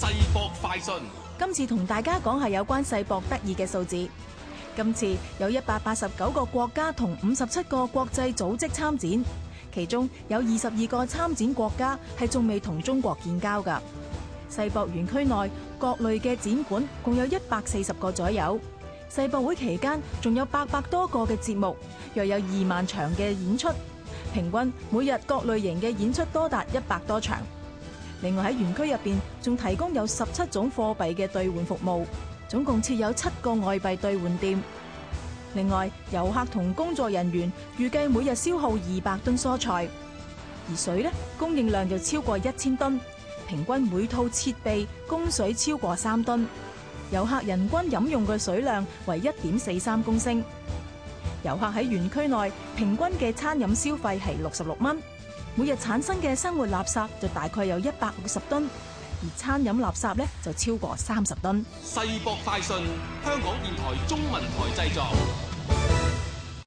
世博快訊：今次同大家講係有關世博得意嘅數字。今次有一百八十九個國家同五十七個國際組織參展，其中有二十二個參展國家係仲未同中國建交㗎。世博園區內各類嘅展館共有一百四十個左右。世博會期間仲有八百多個嘅節目，約有二萬場嘅演出，平均每日各類型嘅演出多達一百多場。另外喺園區入邊仲提供有十七種貨幣嘅兌換服務，總共設有七個外幣兌換店。另外，遊客同工作人員預計每日消耗二百噸蔬菜，而水呢，供應量就超過一千噸，平均每套設備供水超過三噸。遊客人均飲用嘅水量為一點四三公升。遊客喺園區內平均嘅餐飲消費係六十六蚊，每日產生嘅生活垃圾就大概有一百五十噸，而餐飲垃圾咧就超過三十噸。世博快訊，香港電台中文台製作。